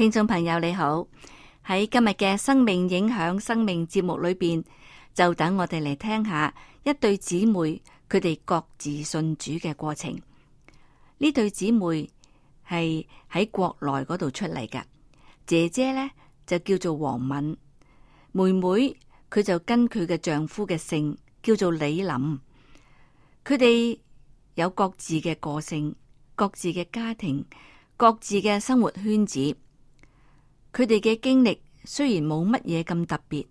聽眾朋友你好，喺今日嘅生命影響生命節目裏邊，就等我哋嚟聽下一對姊妹，佢哋各自信主嘅過程。呢對姊妹係喺國內嗰度出嚟㗎，姐姐咧就叫做黃敏，妹妹佢就跟佢嘅丈夫嘅姓叫做李林。佢哋有各自嘅個性，各自嘅家庭，各自嘅生活圈子。佢哋嘅經歷雖然冇乜嘢咁特別，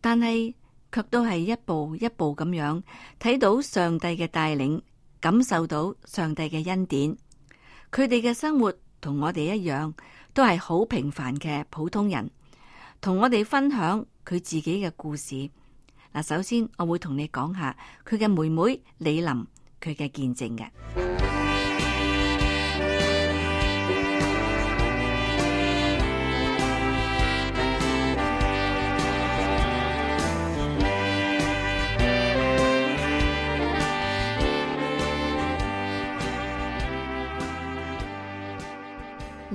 但係卻都係一步一步咁樣睇到上帝嘅帶領，感受到上帝嘅恩典。佢哋嘅生活同我哋一樣，都係好平凡嘅普通人，同我哋分享佢自己嘅故事。嗱，首先我會同你講下佢嘅妹妹李琳，佢嘅見證嘅。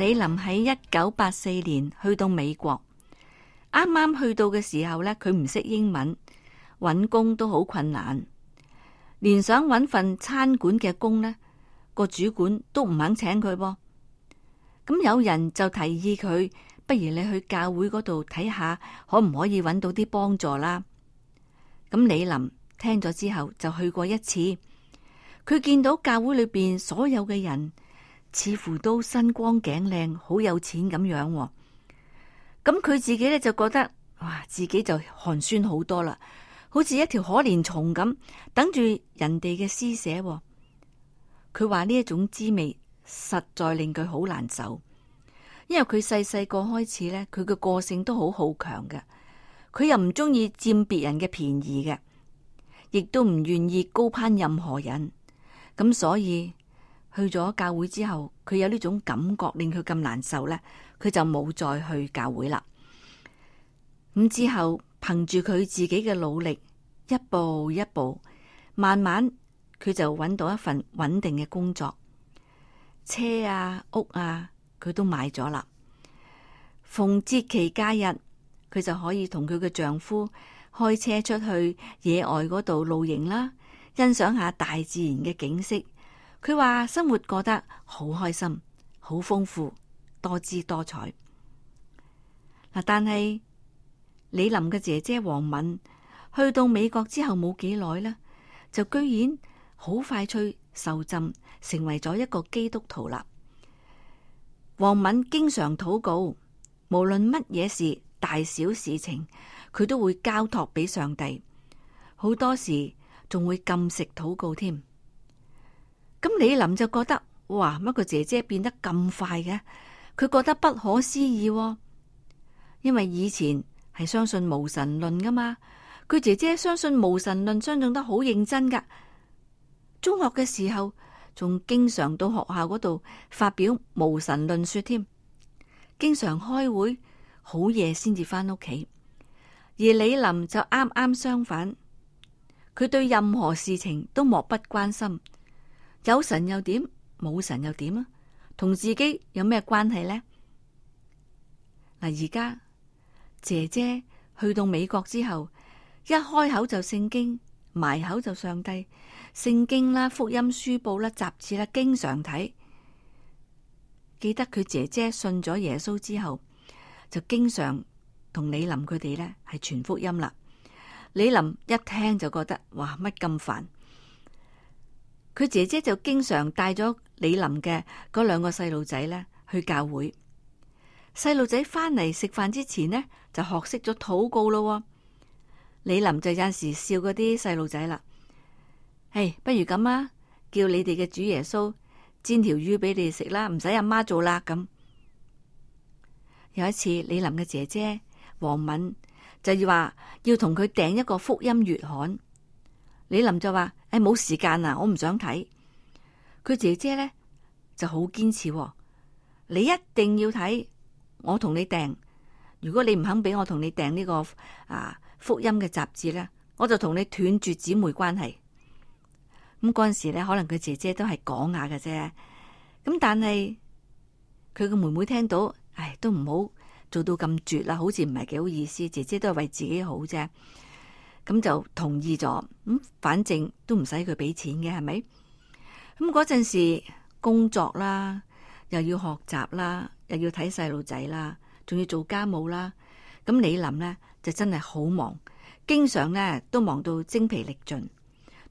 李林喺一九八四年去到美國，啱啱去到嘅時候咧，佢唔識英文，搵工都好困難，連想搵份餐館嘅工咧，個主管都唔肯請佢噃。咁有人就提議佢，不如你去教會嗰度睇下，可唔可以搵到啲幫助啦？咁李林聽咗之後就去過一次，佢見到教會裏邊所有嘅人。似乎都身光頸靚，好有錢咁樣喎。咁佢自己咧就覺得，哇，自己就寒酸好多啦，好似一條可憐蟲咁，等住人哋嘅施捨喎。佢話呢一種滋味，實在令佢好難受。因為佢細細個開始咧，佢嘅個性都好好強嘅，佢又唔中意佔別人嘅便宜嘅，亦都唔願意高攀任何人。咁所以。去咗教會之後，佢有呢種感覺令佢咁難受咧，佢就冇再去教會啦。咁之後，憑住佢自己嘅努力，一步一步，慢慢佢就搵到一份穩定嘅工作，車啊屋啊，佢都買咗啦。逢節期假日，佢就可以同佢嘅丈夫開車出去野外嗰度露營啦，欣賞一下大自然嘅景色。佢話生活過得好開心，好豐富，多姿多彩。嗱，但係李林嘅姐姐王敏去到美國之後冇幾耐呢，就居然好快脆受浸，成為咗一個基督徒啦。王敏經常禱告，無論乜嘢事，大小事情，佢都會交託俾上帝，好多時仲會禁食禱告添。咁李林就覺得哇，乜個姐姐變得咁快嘅？佢覺得不可思議喎，因為以前係相信無神論噶嘛。佢姐姐相信無神論，相信得好認真噶。中學嘅時候仲經常到學校嗰度發表無神論說添，經常開會，好夜先至翻屋企。而李林就啱啱相反，佢對任何事情都漠不關心。有神又點，冇神又點啊？同自己有咩關係咧？嗱，而家姐姐去到美國之後，一開口就聖經，埋口就上帝，聖經啦、福音書報啦、雜誌啦，經常睇。記得佢姐姐信咗耶穌之後，就經常同李林佢哋咧係傳福音啦。李林一聽就覺得，哇，乜咁煩？佢姐姐就經常帶咗李林嘅嗰兩個細路仔咧去教會，細路仔翻嚟食飯之前咧就學識咗禱告咯。李林就有時笑嗰啲細路仔啦，唉，不如咁啊，叫你哋嘅主耶穌煎條魚俾你哋食啦，唔使阿媽做啦咁。有一次，李林嘅姐姐黃敏就要要話要同佢訂一個福音月刊。李林就話：誒、哎，冇時間啊，我唔想睇。佢姐姐咧就好堅持，啊，你一定要睇，我同你訂。如果你唔肯俾我同你訂呢，這個啊福音嘅雜誌咧，我就同你斷絕姊妹關係。咁嗰陣時咧，可能佢姐姐都係講下嘅啫。咁但係佢個妹妹聽到，唉，都唔好做到咁絕啦，好似唔係幾好意思。姐姐都係為自己好啫。咁就同意咗，咁反正都唔使佢俾錢嘅，係咪？咁嗰陣時工作啦，又要學習啦，又要睇細路仔啦，仲要做家務啦，咁你諗咧就真係好忙，經常咧都忙到精疲力盡，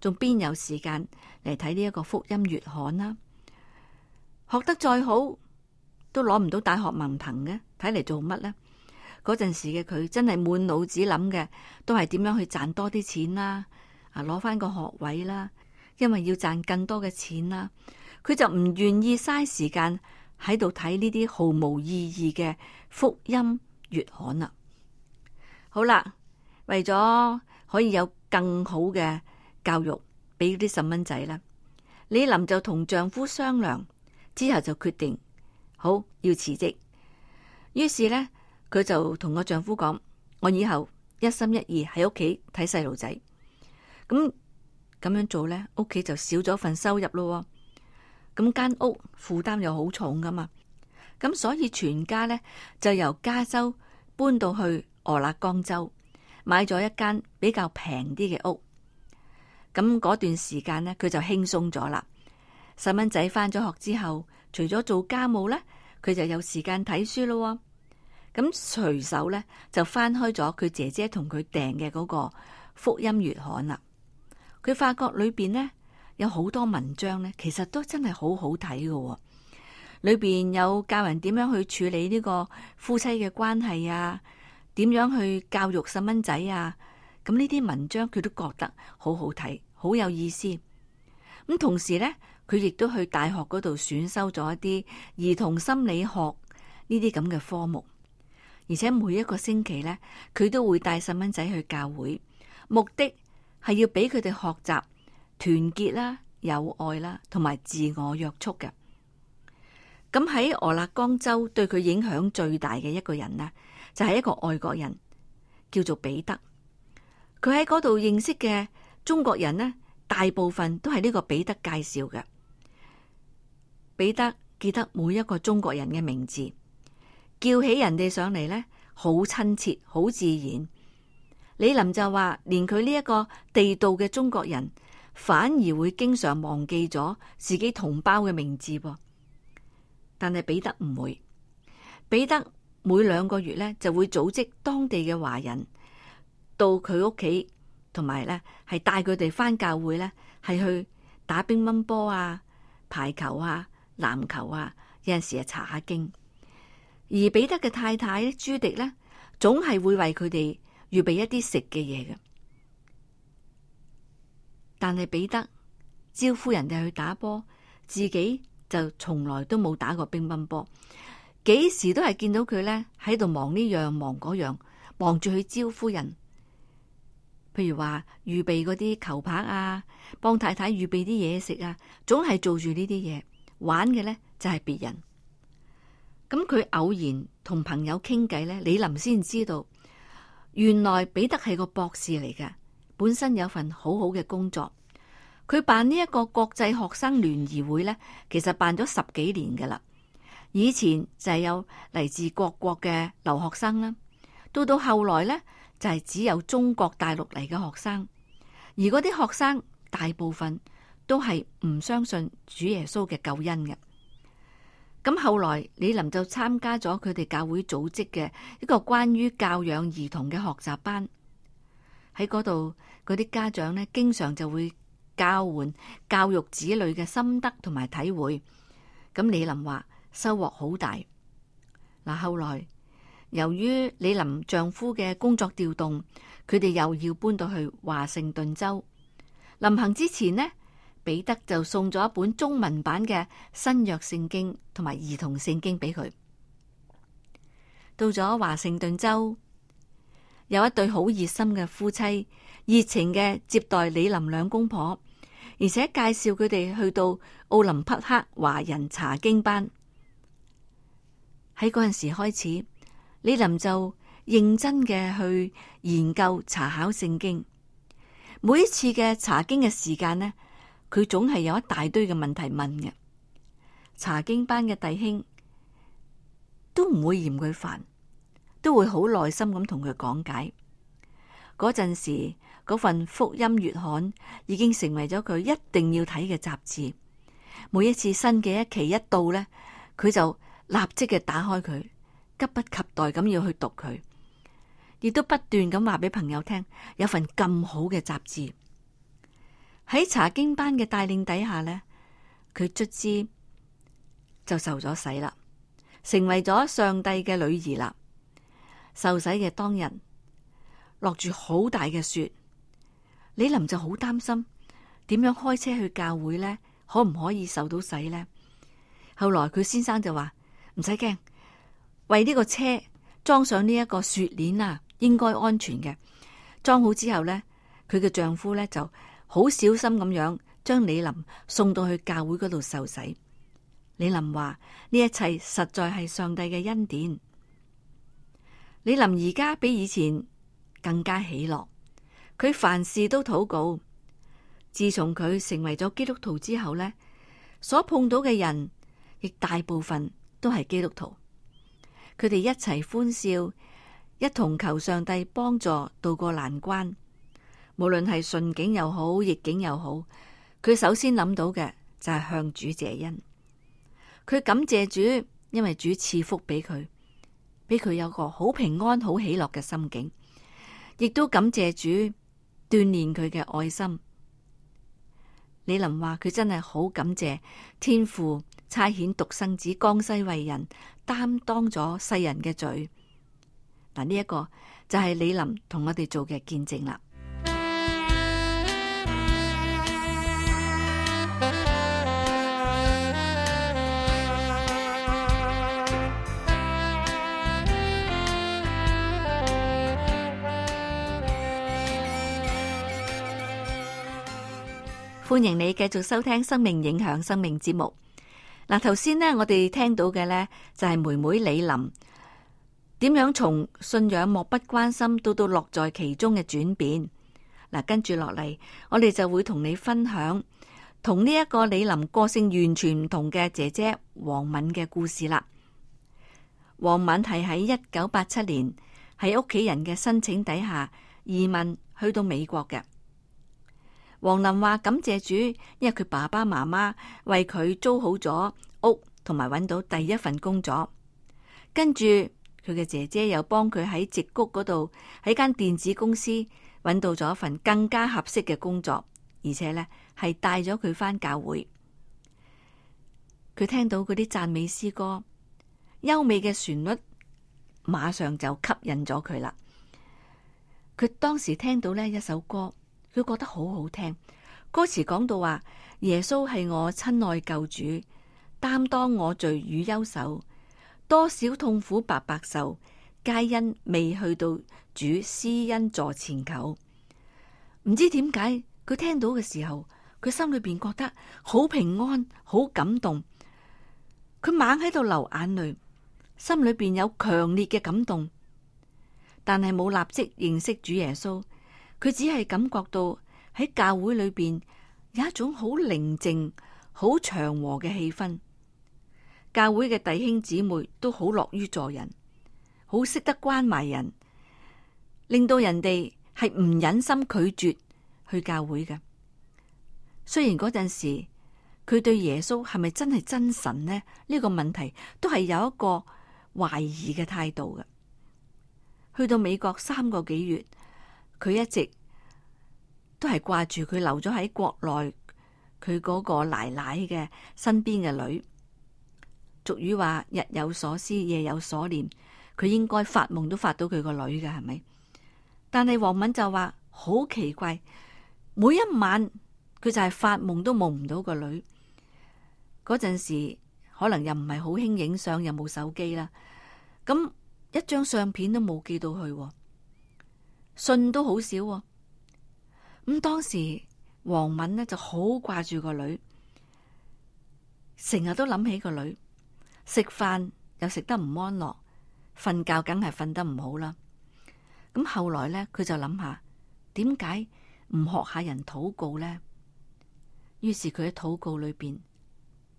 仲邊有時間嚟睇呢一個福音月刊啦？學得再好都攞唔到大學文憑嘅，睇嚟做乜咧？嗰陣時嘅佢真係滿腦子諗嘅都係點樣去賺多啲錢啦，啊，攞翻個學位啦，因為要賺更多嘅錢啦。佢就唔願意嘥時間喺度睇呢啲毫無意義嘅福音月刊啦。好啦，為咗可以有更好嘅教育俾啲細蚊仔啦，李琳就同丈夫商量之後就決定好要辭職，於是咧。佢就同我丈夫講，我以後一心一意喺屋企睇細路仔。咁咁樣做咧，屋企就少咗份收入咯。咁間屋負擔又好重㗎嘛。咁所以全家咧就由加州搬到去俄勒岡州買咗一間比較平啲嘅屋。咁嗰段時間咧，佢就輕鬆咗啦。細蚊仔返咗學之後，除咗做家務咧，佢就有時間睇書咯。咁隨手咧就翻開咗佢姐姐同佢訂嘅嗰個福音月刊啦。佢發覺裏邊呢，有好多文章咧，其實都真係好好睇噶。裏邊有教人點樣去處理呢個夫妻嘅關係啊，點樣去教育細蚊仔啊。咁呢啲文章佢都覺得好好睇，好有意思。咁同時呢，佢亦都去大學嗰度選修咗一啲兒童心理學呢啲咁嘅科目。而且每一個星期咧，佢都會帶細蚊仔去教會，目的係要俾佢哋學習團結啦、友愛啦，同埋自我約束嘅。咁喺俄勒岡州對佢影響最大嘅一個人呢，就係一個外國人，叫做彼得。佢喺嗰度認識嘅中國人呢，大部分都係呢個彼得介紹嘅。彼得記得每一個中國人嘅名字。叫起人哋上嚟咧，好親切，好自然。李林就話，連佢呢一個地道嘅中國人，反而會經常忘記咗自己同胞嘅名字噃。但係彼得唔會，彼得每兩個月咧，就會組織當地嘅華人到佢屋企，同埋咧係帶佢哋翻教會咧，係去打乒乓波啊、排球啊、籃球啊，有陣時係查下經。而彼得嘅太太朱迪呢，總係會為佢哋預備一啲食嘅嘢嘅。但係彼得招呼人哋去打波，自己就從來都冇打過乒乓波。幾時都係見到佢呢喺度忙呢樣忙嗰樣，忙住去招呼人。譬如話預備嗰啲球拍啊，幫太太預備啲嘢食啊，總係做住呢啲嘢。玩嘅呢，就係別人。咁佢偶然同朋友傾偈咧，李林先知道原來彼得係個博士嚟㗎，本身有份好好嘅工作。佢辦呢一個國際學生聯誼會咧，其實辦咗十幾年噶啦。以前就係有嚟自各國嘅留學生啦，到到後來咧就係只有中國大陸嚟嘅學生，而嗰啲學生大部分都係唔相信主耶穌嘅救恩嘅。咁後來李林就參加咗佢哋教會組織嘅一個關於教養兒童嘅學習班，喺嗰度，嗰啲家長咧經常就會交換教育子女嘅心得同埋體會，咁李林話收穫好大。嗱，後來由於李林丈夫嘅工作調動，佢哋又要搬到去華盛頓州，臨行之前呢，彼得就送咗一本中文版嘅新約聖經同埋兒童聖經俾佢。到咗華盛頓州，有一對好熱心嘅夫妻熱情嘅接待李林兩公婆，而且介紹佢哋去到奧林匹克華人查經班。喺嗰陣時開始，李林就認真嘅去研究查考聖經，每一次嘅查經嘅時間呢？佢總係有一大堆嘅問題問嘅，查經班嘅弟兄都唔會嫌佢煩，都會好耐心咁同佢講解。嗰陣時，嗰份福音月刊已經成為咗佢一定要睇嘅雜誌。每一次新嘅一期一到呢，佢就立即嘅打開佢，急不及待咁要去讀佢，亦都不斷咁話俾朋友聽有份咁好嘅雜誌。喺查經班嘅帶領底下咧，佢卒之就受咗洗啦，成為咗上帝嘅女兒啦。受洗嘅當日落住好大嘅雪，李林就好擔心點樣開車去教會咧，可唔可以受到洗咧？後來佢先生就話唔使驚，為呢個車裝上呢一個雪鏈啊，應該安全嘅。裝好之後咧，佢嘅丈夫咧就。好小心咁樣將李林送到去教會嗰度受洗。李林話：呢一切實在係上帝嘅恩典。李林而家比以前更加喜樂，佢凡事都禱告。自從佢成為咗基督徒之後呢，所碰到嘅人亦大部分都係基督徒，佢哋一齊歡笑，一同求上帝幫助渡過難關。無論係順境又好，逆境又好，佢首先諗到嘅就係向主謝恩。佢感謝主，因為主賜福俾佢，俾佢有一個好平安、好喜樂嘅心境，亦都感謝主鍛煉佢嘅愛心。李林話佢真係好感謝天父差遣獨生子降世為人擔當咗世人嘅罪。嗱，呢一個就係李林同我哋做嘅見證啦。歡迎你繼續收聽《生命影響生命》節目。嗱，頭先咧，我哋聽到嘅咧就係妹妹李琳點樣從信仰漠不關心到到樂在其中嘅轉變。嗱，跟住落嚟，我哋就會同你分享同呢一個李琳個性完全唔同嘅姐姐黃敏嘅故事啦。黃敏係喺一九八七年喺屋企人嘅申請底下移民去到美國嘅。黃林話：感謝主，因為佢爸爸媽媽為佢租好咗屋，同埋揾到第一份工作。跟住佢嘅姐姐又幫佢喺直谷嗰度喺間電子公司揾到咗一份更加合適嘅工作，而且呢係帶咗佢返教會。佢聽到嗰啲讚美詩歌，優美嘅旋律，馬上就吸引咗佢啦。佢當時聽到呢一首歌。佢覺得好好聽，歌詞講到話耶穌係我親愛救主，擔當我罪與憂愁，多少痛苦白白受，皆因未去到主施恩座前求。唔知點解佢聽到嘅時候，佢心裏邊覺得好平安、好感動，佢猛喺度流眼淚，心裏邊有強烈嘅感動，但係冇立即認識主耶穌。佢只係感覺到喺教會裏邊有一種好寧靜、好祥和嘅氣氛。教會嘅弟兄姊妹都好樂於助人，好識得關埋人，令到人哋係唔忍心拒絕去教會嘅。雖然嗰陣時佢對耶穌係咪真係真神呢？呢個問題都係有一個懷疑嘅態度嘅。去到美國三個幾月。佢一直都係掛住佢留咗喺國內，佢嗰個奶奶嘅身邊嘅女。俗語話日有所思，夜有所念，佢應該發夢都發到佢個女嘅係咪？但係黃敏就話好奇怪，每一晚佢就係發夢都夢唔到個女。嗰陣時可能又唔係好興影相，又冇手機啦，咁一張相片都冇寄到去。信都好少喎，咁當時黃敏呢就好掛住個女，成日都諗起個女，食飯又食得唔安樂，瞓覺梗係瞓得唔好啦。咁後來咧，佢就諗下，點解唔學下人禱告咧？於是佢喺禱告裏邊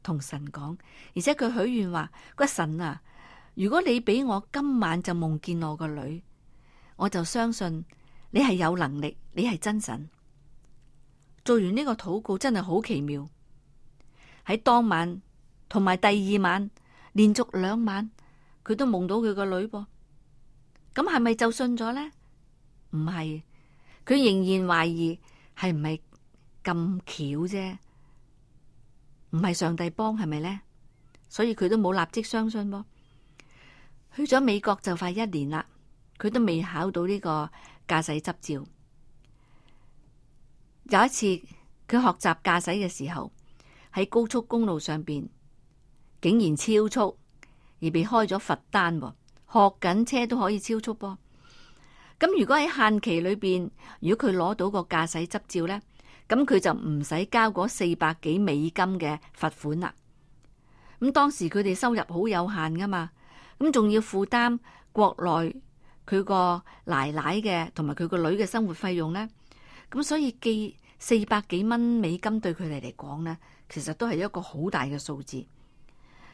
同神講，而且佢許願話：個神啊，如果你俾我今晚就夢見我個女。我就相信你係有能力，你係真神。做完呢個禱告真係好奇妙。喺當晚同埋第二晚，連續兩晚，佢都夢到佢個女噃。咁係咪就信咗呢？唔係，佢仍然懷疑係唔係咁巧啫，唔係上帝幫，係咪呢？所以佢都冇立即相信噃。去咗美國就快一年啦。佢都未考到呢個駕駛執照。有一次，佢學習駕駛嘅時候，喺高速公路上邊竟然超速，而被開咗罰單喎。學緊車都可以超速噃。咁如果喺限期裏邊，如果佢攞到個駕駛執照呢，咁佢就唔使交嗰四百幾美金嘅罰款啦。咁當時佢哋收入好有限噶嘛，咁仲要負擔國內。佢個奶奶嘅同埋佢個女嘅生活費用咧，咁所以寄四百幾蚊美金對佢哋嚟講咧，其實都係一個好大嘅數字。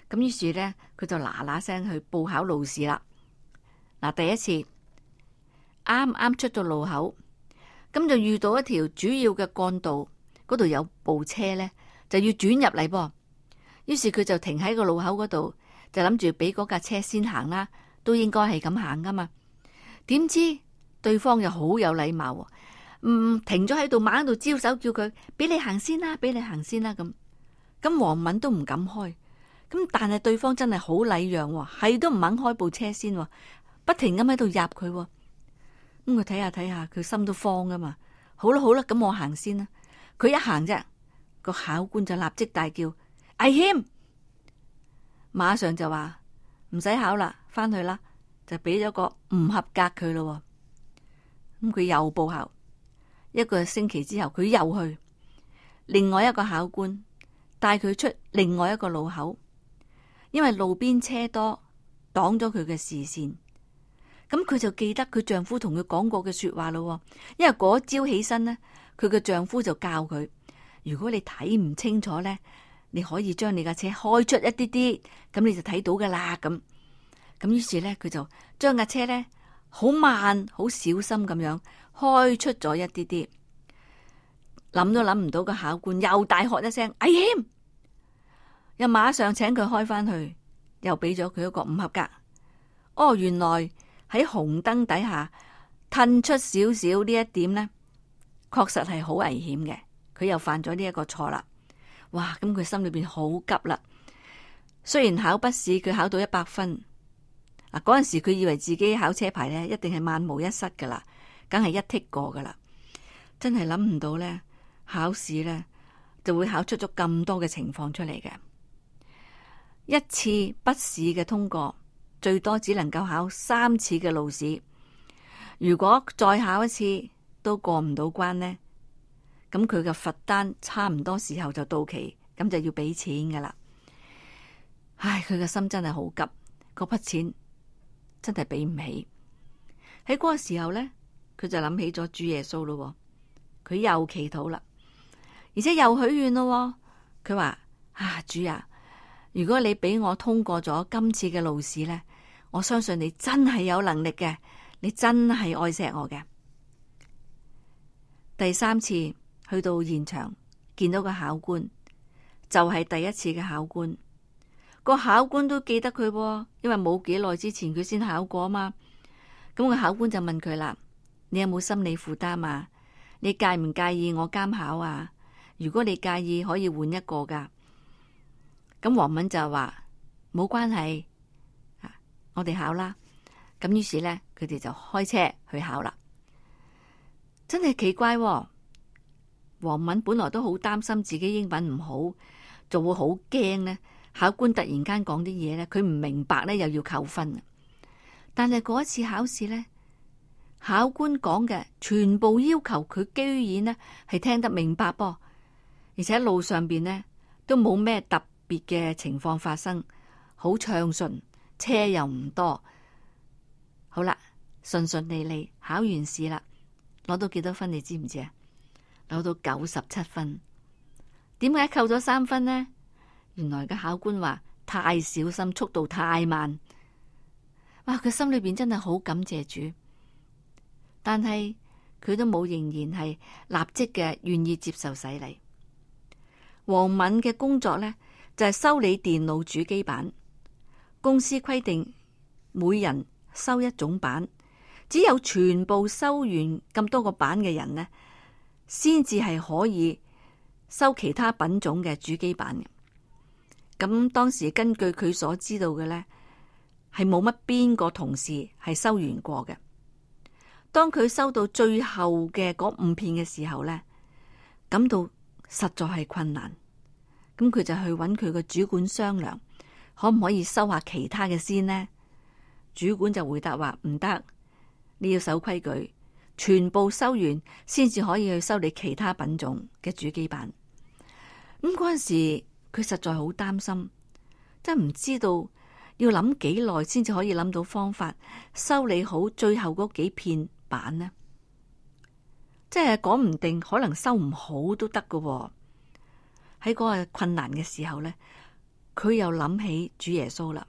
咁於是咧，佢就嗱嗱聲去報考路試啦。嗱，第一次啱啱出到路口，咁就遇到一條主要嘅幹道，嗰度有部車咧就要轉入嚟噃。於是佢就停喺個路口嗰度，就諗住俾嗰架車先行啦，都應該係咁行㗎嘛。點知對方又好有禮貌，唔、嗯、停咗喺度，猛喺度招手叫佢，俾你行先啦，俾你行先啦咁。咁黃敏都唔敢開，咁但係對方真係好禮讓，係都唔肯開部車先，不停咁喺度入佢。咁佢睇下睇下，佢心都慌㗎嘛。好啦好啦，咁我行先啦。佢一行啫，個考官就立即大叫：危險，馬上就話唔使考啦，翻去啦。就俾咗個唔合格佢咯，咁佢又報考一個星期之後，佢又去另外一個考官帶佢出另外一個路口，因為路邊車多擋咗佢嘅視線，咁佢就記得佢丈夫同佢講過嘅說話咯，因為嗰朝起身呢，佢嘅丈夫就教佢，如果你睇唔清楚咧，你可以將你架車開出一啲啲，咁你就睇到㗎喇咁。咁於是咧，佢就將架車咧好慢、好小心咁樣開出咗一啲啲，諗都諗唔到，個考官又大喝一聲危險，又馬上請佢開翻去，又俾咗佢一個唔合格。哦，原來喺紅燈底下褪出少少呢一點咧，確實係好危險嘅。佢又犯咗呢一個錯啦。哇！咁佢心裏面好急啦。雖然考筆試佢考到一百分。嗱，嗰陣時佢以為自己考車牌咧，一定係萬無一失噶啦，梗係一剔過噶啦，真係諗唔到咧，考試咧就會考出咗咁多嘅情況出嚟嘅。一次筆試嘅通過，最多只能夠考三次嘅路試，如果再考一次都過唔到關呢，咁佢嘅罰單差唔多時候就到期，咁就要俾錢噶啦。唉，佢嘅心真係好急，嗰筆錢。真係俾唔起，喺嗰個時候呢，佢就諗起咗主耶穌咯。佢又祈禱啦，而且又許願咯。佢話：啊主啊，如果你俾我通過咗今次嘅路試呢，我相信你真係有能力嘅，你真係愛錫我嘅。第三次去到現場見到一個考官，就係、是、第一次嘅考官。個考官都記得佢喎、啊，因為冇幾耐之前佢先考過啊嘛。咁、那個考官就問佢啦：，你有冇心理負擔啊？你介唔介意我監考啊？如果你介意，可以換一個噶。咁黃敏就話：冇關係啊，我哋考啦。咁於是咧，佢哋就開車去考啦。真係奇怪、啊，黃敏本來都好擔心自己英文唔好，仲會好驚咧。考官突然間講啲嘢咧，佢唔明白咧，又要扣分。但係嗰一次考試咧，考官講嘅全部要求，佢居然呢係聽得明白噃。而且路上邊呢都冇咩特別嘅情況發生，好暢順，車又唔多。好啦，順順利利考完試啦，攞到幾多分你知唔知啊？攞到九十七分，點解扣咗三分呢？原來嘅考官話太小心，速度太慢。哇！佢心裏邊真係好感謝主，但係佢都冇，仍然係立即嘅願意接受洗禮。黃敏嘅工作呢，就係修理電腦主機板。公司規定每人收一種板，只有全部收完咁多個板嘅人呢，先至係可以收其他品種嘅主機板嘅。咁當時根據佢所知道嘅咧，係冇乜邊個同事係收完過嘅。當佢收到最後嘅嗰五片嘅時候咧，感到實在係困難。咁佢就去揾佢個主管商量，可唔可以收下其他嘅先呢？主管就回答話唔得，你要守規矩，全部收完先至可以去修理其他品種嘅主機板。咁嗰陣時。佢實在好擔心，真係唔知道要諗幾耐先至可以諗到方法修理好最後嗰幾片板呢，即係講唔定可能修唔好都得喎。喺嗰個困難嘅時候咧，佢又諗起主耶穌啦。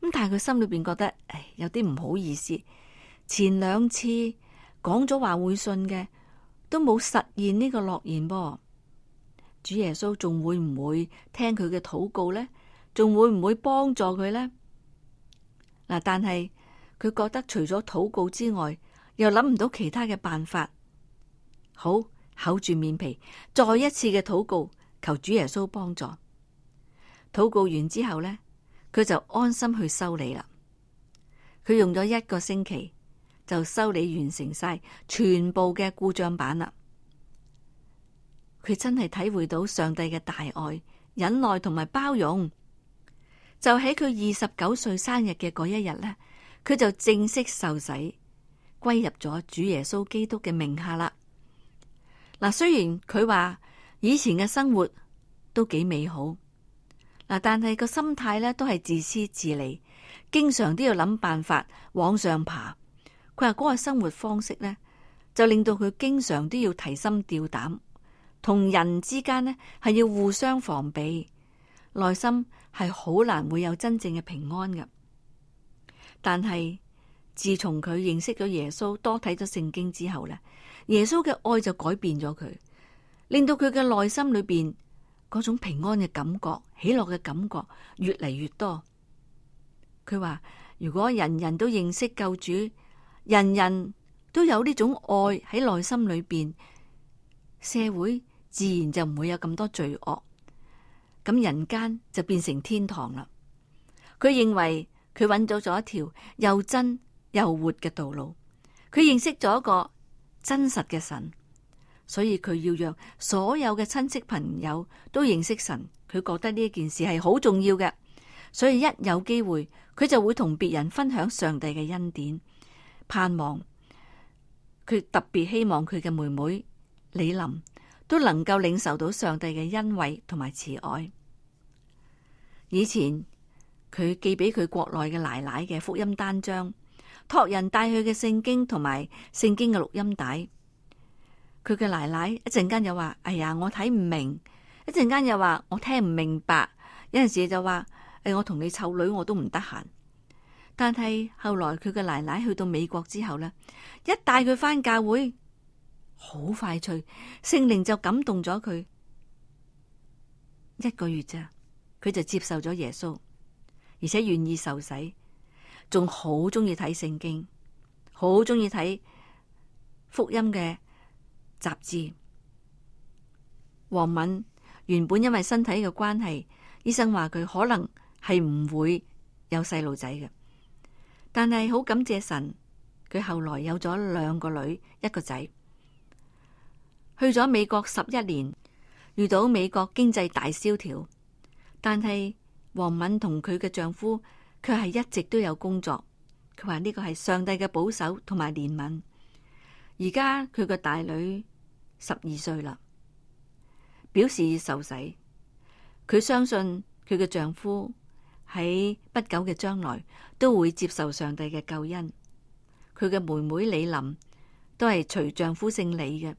咁但係佢心裏邊覺得，唉，有啲唔好意思，前兩次講咗話會信嘅，都冇實現呢個諾言噃。主耶穌仲會唔會聽佢嘅禱告呢？仲會唔會幫助佢呢？嗱，但係佢覺得除咗禱告之外，又諗唔到其他嘅辦法。好，厚住面皮，再一次嘅禱告，求主耶穌幫助。禱告完之後呢，佢就安心去修理啦。佢用咗一個星期就修理完成晒全部嘅故障板啦。佢真係體會到上帝嘅大愛、忍耐同埋包容。就喺佢二十九歲生日嘅嗰一日呢，佢就正式受洗，歸入咗主耶穌基督嘅名下啦。嗱，雖然佢話以前嘅生活都幾美好嗱，但係個心態呢都係自私自利，經常都要諗辦法往上爬。佢話嗰個生活方式呢，就令到佢經常都要提心吊膽。同人之間呢係要互相防備，內心係好難會有真正嘅平安嘅。但係自從佢認識咗耶穌，多睇咗聖經之後呢，耶穌嘅愛就改變咗佢，令到佢嘅內心裏邊嗰種平安嘅感覺、喜樂嘅感覺越嚟越多。佢話如果人人都認識救主，人人都有呢種愛喺內心裏邊，社會，自然就唔會有咁多罪惡，咁人間就變成天堂啦。佢認為佢揾到咗一條又真又活嘅道路，佢認識咗一個真實嘅神，所以佢要讓所有嘅親戚朋友都認識神。佢覺得呢一件事係好重要嘅，所以一有機會佢就會同別人分享上帝嘅恩典，盼望佢特別希望佢嘅妹妹李琳。都能夠領受到上帝嘅恩惠同埋慈愛。以前佢寄俾佢國內嘅奶奶嘅福音單張，託人帶去嘅聖經同埋聖經嘅錄音帶，佢嘅奶奶一陣間又話：哎呀，我睇唔明。一陣間又話，我聽唔明白。有陣時就話：誒，我同你湊女我都唔得閒。但係後來佢嘅奶奶去到美國之後呢，一帶佢返教會。好快脆，聖靈就感動咗佢。一個月咋，佢就接受咗耶穌，而且願意受洗，仲好中意睇聖經，好中意睇福音嘅雜誌。黃敏原本因為身體嘅關係，醫生話佢可能係唔會有細路仔嘅，但係好感謝神，佢後來有咗兩個女，一個仔。去咗美國十一年，遇到美國經濟大蕭條，但係王敏同佢嘅丈夫卻係一直都有工作。佢話呢個係上帝嘅保守同埋憐憫。而家佢個大女十二歲啦，表示受洗。佢相信佢嘅丈夫喺不久嘅將來都會接受上帝嘅救恩。佢嘅妹妹李琳都係隨丈夫姓李嘅。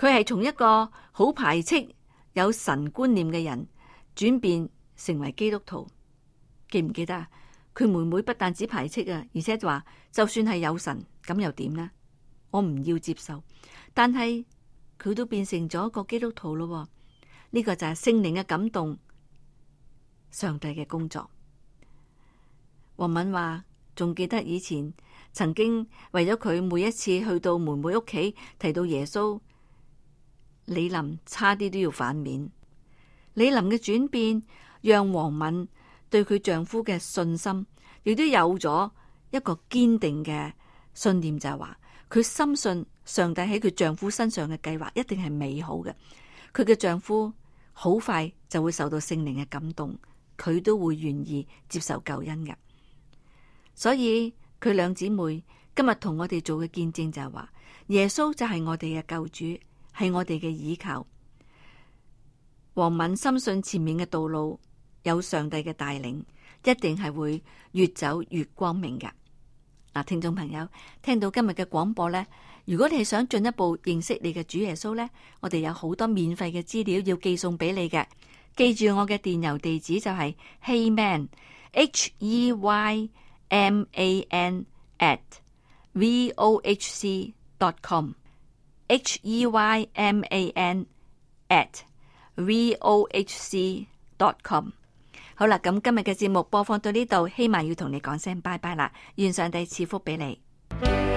佢係從一個好排斥有神觀念嘅人轉變成為基督徒，記唔記得啊？佢妹妹不但只排斥啊，而且話就算係有神咁又點呢？我唔要接受，但係佢都變成咗一個基督徒咯。呢個就係聖靈嘅感動，上帝嘅工作。黃敏話仲記得以前曾經為咗佢每一次去到妹妹屋企提到耶穌。李林差啲都要反面，李林嘅轉變讓王敏對佢丈夫嘅信心亦都有咗一個堅定嘅信念，就係話佢深信上帝喺佢丈夫身上嘅計劃一定係美好嘅。佢嘅丈夫好快就會受到聖靈嘅感動，佢都會願意接受救恩嘅。所以佢兩姊妹今日同我哋做嘅見證就係話，耶穌就係我哋嘅救主。係我哋嘅依靠，黃敏深信前面嘅道路有上帝嘅帶領，一定係會越走越光明㗎。嗱，聽眾朋友聽到今日嘅廣播呢，如果你係想進一步認識你嘅主耶穌呢，我哋有好多免費嘅資料要寄送俾你嘅。記住我嘅電郵地址就係 Heyman H E Y M A N at v o h c dot com。Heyman at vohc dot com 好。好啦，咁今日嘅節目播放到呢度，希望要同你講聲拜拜啦，願上帝賜福俾你。